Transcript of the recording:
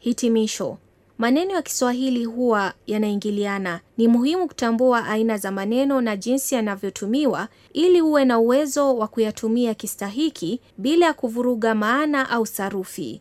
Hitimisho. Maneno ya Kiswahili huwa yanaingiliana. Ni muhimu kutambua aina za maneno na jinsi yanavyotumiwa ili uwe na uwezo wa kuyatumia kistahiki bila ya kuvuruga maana au sarufi.